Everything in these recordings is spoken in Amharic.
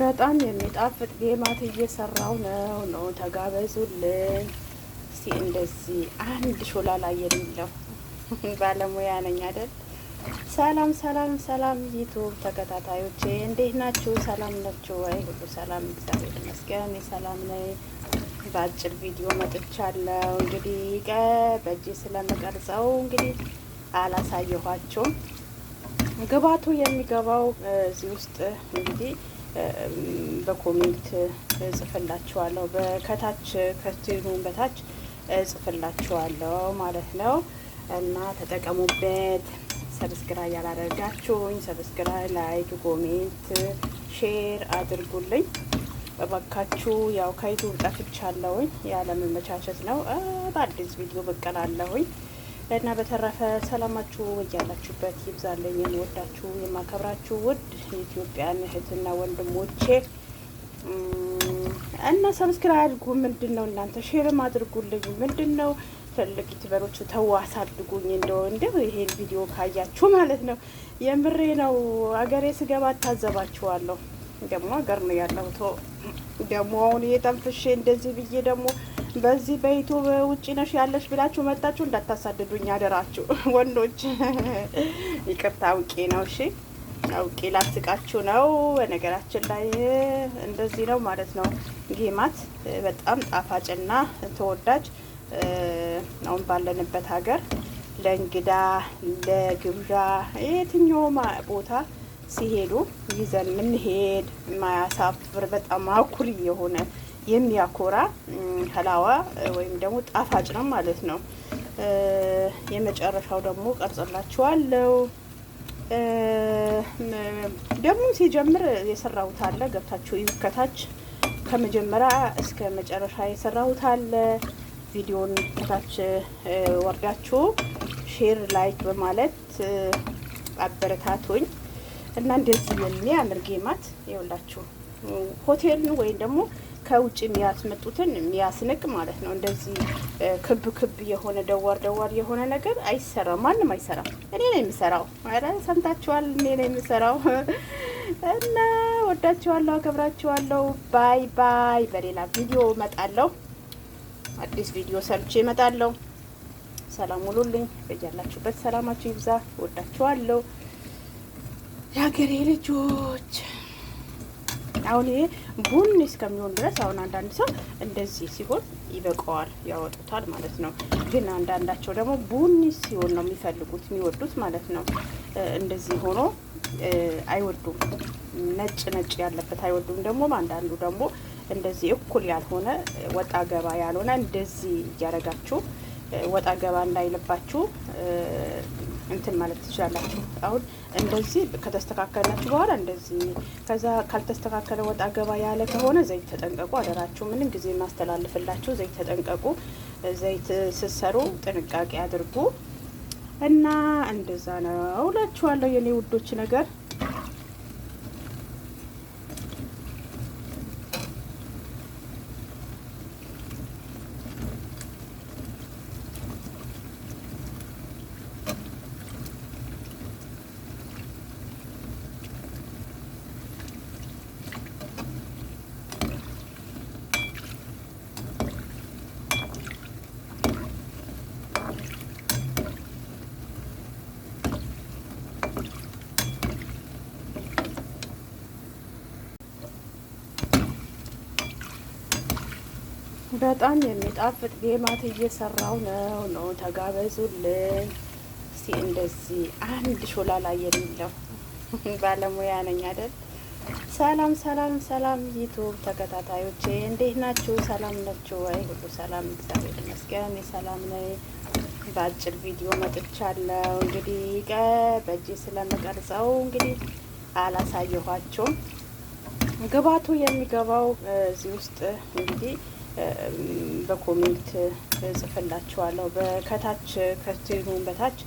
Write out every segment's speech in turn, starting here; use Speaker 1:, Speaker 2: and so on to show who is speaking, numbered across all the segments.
Speaker 1: በጣም የሚጣፍጥ ጌማት እየሰራው ነው ነው ተጋበዙልን። እስቲ እንደዚህ አንድ ሾላ ላይ የሚለው ባለሙያ ነኝ አይደል? ሰላም ሰላም ሰላም ዩቱብ ተከታታዮቼ እንዴት ናችሁ? ሰላም ናችሁ ወይ? ሁሉ ሰላም እግዚአብሔር ይመስገን ሰላም ነኝ። በአጭር ቪዲዮ መጥቻለሁ። እንግዲህ ቀ በእጅ ስለምቀርጸው እንግዲህ አላሳየኋችሁም። ግባቱ የሚገባው እዚህ ውስጥ እንግዲህ በኮሜንት ጽፍላችኋለሁ ከታች ከስቴሩን በታች ጽፍላችኋለሁ ማለት ነው እና ተጠቀሙበት። ሰብስክራይብ ያላደረጋችሁኝ ሰብስክራይብ፣ ላይክ፣ ኮሜንት፣ ሼር አድርጉልኝ እባካችሁ። ያው ከዩቱብ ጠፍቻለሁኝ ያለመመቻቸት ነው። በአዲስ ቪዲዮ ብቅ እና በተረፈ ሰላማችሁ ወያላችሁበት ይብዛለኝ። የምወዳችሁ የማከብራችሁ ውድ የኢትዮጵያን እህትና ወንድሞቼ እና ሰብስክራይብ አድርጉ። ምንድን ነው እናንተ ሼርም አድርጉልኝ። ምንድን ነው ትልቅ ዩቲዩበሮች ተው አሳድጉኝ። እንደው እንደው ይሄን ቪዲዮ ካያችሁ ማለት ነው የምሬ ነው። አገሬ ስገባ እታዘባችኋለሁ። ደግሞ አገር ነው ያለሁት። ደግሞ አሁን እየጠንፍሼ እንደዚህ ብዬ ደግሞ በዚህ በይቶ ውጭ ነሽ ያለሽ ብላችሁ መጣችሁ እንዳታሳድዱኝ አደራችሁ ወንዶች። ይቅርታ አውቄ ነው እሺ፣ አውቄ ላስቃችሁ ነው። በነገራችን ላይ እንደዚህ ነው ማለት ነው። ጌማት በጣም ጣፋጭና ተወዳጅ አሁን ባለንበት ሀገር ለእንግዳ ለግብዣ የትኛውም ቦታ ሲሄዱ ይዘን ምንሄድ ማያሳፍር በጣም አኩሪ የሆነ የሚያኮራ ህላዋ ወይም ደግሞ ጣፋጭ ነው ማለት ነው። የመጨረሻው ደግሞ ቀርጽላችኋለሁ። ደግሞ ሲጀምር የሰራሁት አለ ገብታችሁ ይከታች ከመጀመሪያ እስከ መጨረሻ የሰራሁት አለ። ቪዲዮን ከታች ወርዳችሁ ሼር ላይክ በማለት አበረታቱኝ እና እንደዚህ የሚያምር ጌማት ይኸውላችሁ ሆቴል ወይም ደግሞ ከውጭ የሚያስመጡትን የሚያስንቅ ማለት ነው። እንደዚህ ክብ ክብ የሆነ ደዋር ደዋር የሆነ ነገር አይሰራም፣ ማንም አይሰራም። እኔ ነው የምሰራው። ኧረ ሰምታችኋል፣ እኔ ነው የምሰራው እና ወዳችኋለሁ፣ አከብራችኋለሁ። ባይ ባይ። በሌላ ቪዲዮ እመጣለሁ፣ አዲስ ቪዲዮ ሰርቼ እመጣለሁ። ሰላም ሁሉልኝ። በያላችሁበት ሰላማችሁ ይብዛ። ወዳችኋለሁ የሀገሬ ልጆች። አሁን ይሄ ቡኒ እስከሚሆን ድረስ አሁን አንዳንድ ሰው እንደዚህ ሲሆን ይበቀዋል፣ ያወጡታል ማለት ነው። ግን አንዳንዳቸው ደግሞ ቡኒ ሲሆን ነው የሚፈልጉት የሚወዱት ማለት ነው። እንደዚህ ሆኖ አይወዱም። ነጭ ነጭ ያለበት አይወዱም። ደግሞ አንዳንዱ ደግሞ እንደዚህ እኩል ያልሆነ ወጣ ገባ ያልሆነ እንደዚህ እያደረጋችሁ ወጣ ገባ እንዳይልባችሁ እንትን ማለት ትችላላችሁ። አሁን እንደዚህ ከተስተካከልናችሁ በኋላ እንደዚህ ከዛ ካልተስተካከለ ወጣ ገባ ያለ ከሆነ ዘይት ተጠንቀቁ፣ አደራችሁ። ምንም ጊዜ የማስተላልፍላችሁ ዘይት ተጠንቀቁ። ዘይት ስትሰሩ ጥንቃቄ አድርጉ እና እንደዛ ነው እላችኋለሁ የኔ ውዶች ነገር በጣም የሚጣፍጥ ጌማት እየሰራው ነው ነው ተጋበዙልን። እስቲ እንደዚህ አንድ ሾላ ላይ የሚለው ባለሙያ ነኝ አይደል? ሰላም ሰላም ሰላም ዩቱብ ተከታታዮቼ እንዴት ናችሁ? ሰላም ናችሁ ወይ? ሁሉ ሰላም እግዚአብሔር ይመስገን የሰላም ነኝ። በአጭር ቪዲዮ መጥቻለሁ። እንግዲህ ቀ በእጄ ስለምቀርጸው እንግዲህ አላሳየኋቸውም። ግባቱ የሚገባው እዚህ ውስጥ እንግዲህ በኮሜንት ጽፍላችኋለሁ በከታች ከስቴሩን በታች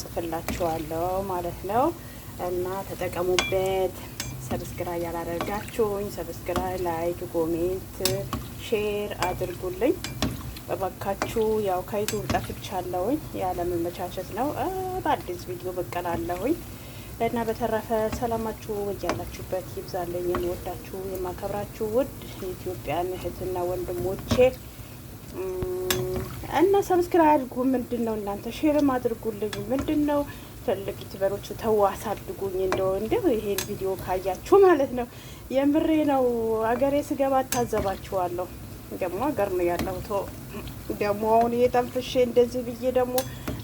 Speaker 1: ጽፍላችኋለሁ ማለት ነው እና ተጠቀሙበት። ሰብስክራይብ ያላደርጋችሁኝ ሰብስክራይብ፣ ላይክ፣ ኮሜንት፣ ሼር አድርጉልኝ በባካችሁ። ያው ከዩቱብ ጠፍቻለሁኝ ያለመመቻቸት ነው። በአዲስ ቪዲዮ በቀላለሁኝ። እና በተረፈ ሰላማችሁ እያላችሁበት ይብዛለኝ። የሚወዳችሁ የማከብራችሁ ውድ የኢትዮጵያን እህትና ወንድሞቼ እና ሰብስክራይብ አድርጉ። ምንድን ነው እናንተ ሼርም አድርጉልኝ። ምንድን ነው ትልቅ ዩቲዩበሮቹ ተው አሳድጉኝ። እንደው እንደው ይሄን ቪዲዮ ካያችሁ ማለት ነው የምሬ ነው። አገሬ ስገባ እታዘባችኋለሁ። ደግሞ ሀገር ነው ያለው ደግሞ አሁን እየጠንፍሼ እንደዚህ ብዬ ደግሞ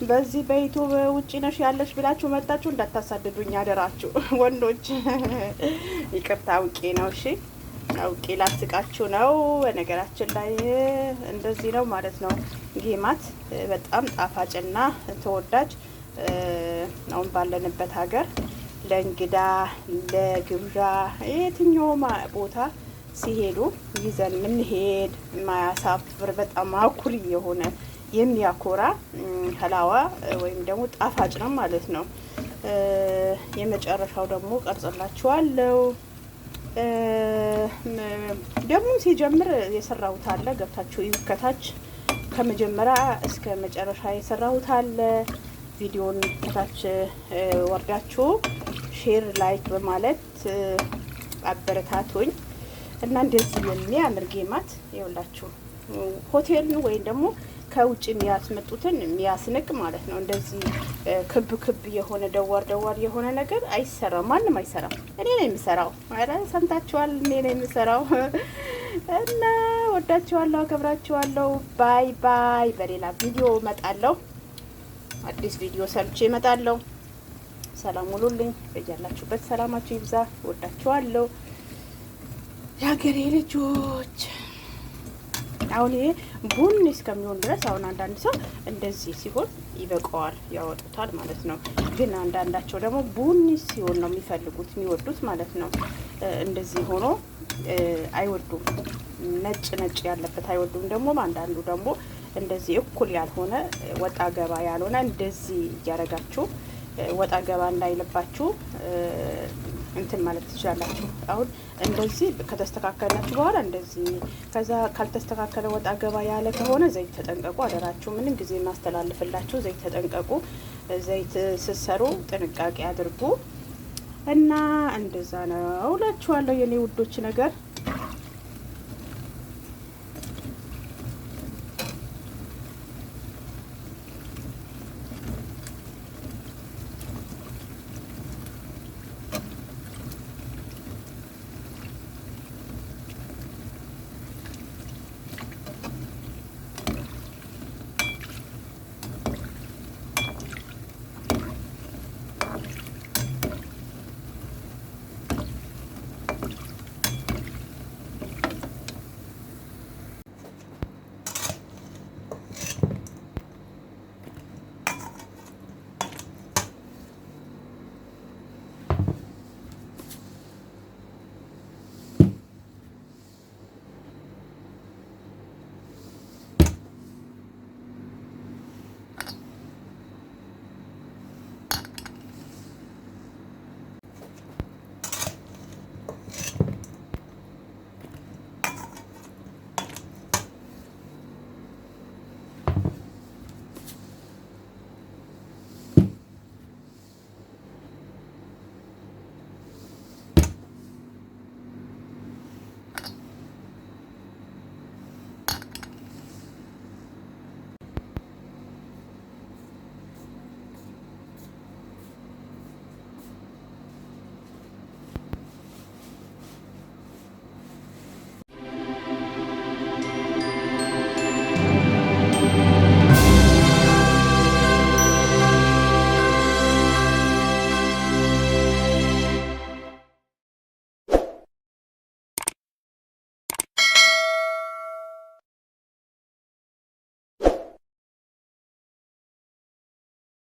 Speaker 1: በዚህ በይቶ በውጭ ነሽ ያለሽ ብላችሁ መጣችሁ እንዳታሳድዱኝ አደራችሁ ወንዶች። ይቅርታ አውቄ ነው፣ እሺ አውቄ ላስቃችሁ ነው። በነገራችን ላይ እንደዚህ ነው ማለት ነው። ጌማት በጣም ጣፋጭና ተወዳጅ አሁን ባለንበት ሀገር ለእንግዳ ለግብዣ የትኛውም ቦታ ሲሄዱ ይዘን ምንሄድ ማያሳፍር በጣም አኩሪ የሆነ የሚያኮራ ህላዋ ወይም ደግሞ ጣፋጭ ነው ማለት ነው። የመጨረሻው ደግሞ ቀርጽላችኋለሁ። ደግሞ ሲጀምር የሰራሁት አለ፣ ገብታችሁ ይዩ። ከታች ከመጀመሪያ እስከ መጨረሻ የሰራሁት አለ። ቪዲዮን ከታች ወርዳችሁ ሼር፣ ላይክ በማለት አበረታቱኝ እና እንደዚህ የሚያምር ጌማት ይውላችሁ ሆቴል ወይም ደግሞ ከውጭ የሚያስመጡትን የሚያስንቅ ማለት ነው። እንደዚህ ክብ ክብ የሆነ ደዋር ደዋር የሆነ ነገር አይሰራም፣ ማንም አይሰራም። እኔ ነው የምሰራው። ኧረ ሰምታችኋል፣ እኔ ነው የምሰራው። እና ወዳችኋለሁ፣ አከብራችኋለሁ። ባይ ባይ። በሌላ ቪዲዮ እመጣለሁ፣ አዲስ ቪዲዮ ሰርቼ እመጣለሁ። ሰላም ውሉልኝ። በያላችሁበት ሰላማችሁ ይብዛ። ወዳችኋለሁ የሀገሬ ልጆች። ይበቃል። አሁን ይሄ ቡኒ እስከሚሆን ድረስ አሁን አንዳንድ ሰው እንደዚህ ሲሆን ይበቀዋል ያወጡታል ማለት ነው። ግን አንዳንዳቸው ደግሞ ቡኒ ሲሆን ነው የሚፈልጉት የሚወዱት ማለት ነው። እንደዚህ ሆኖ አይወዱም። ነጭ ነጭ ያለበት አይወዱም። ደግሞ አንዳንዱ ደግሞ እንደዚህ እኩል ያልሆነ ወጣ ገባ ያልሆነ እንደዚህ እያደረጋችሁ ወጣ ገባ እንዳይልባችሁ እንትን ማለት ትችላላችሁ። አሁን እንደዚህ ከተስተካከልናችሁ በኋላ እንደዚህ ከዛ ካልተስተካከለ ወጣ ገባ ያለ ከሆነ ዘይት ተጠንቀቁ፣ አደራችሁ። ምንም ጊዜ ማስተላልፍላችሁ ዘይት ተጠንቀቁ። ዘይት ስትሰሩ ጥንቃቄ አድርጉ እና እንደዛ ነው እላችኋለሁ የኔ ውዶች ነገር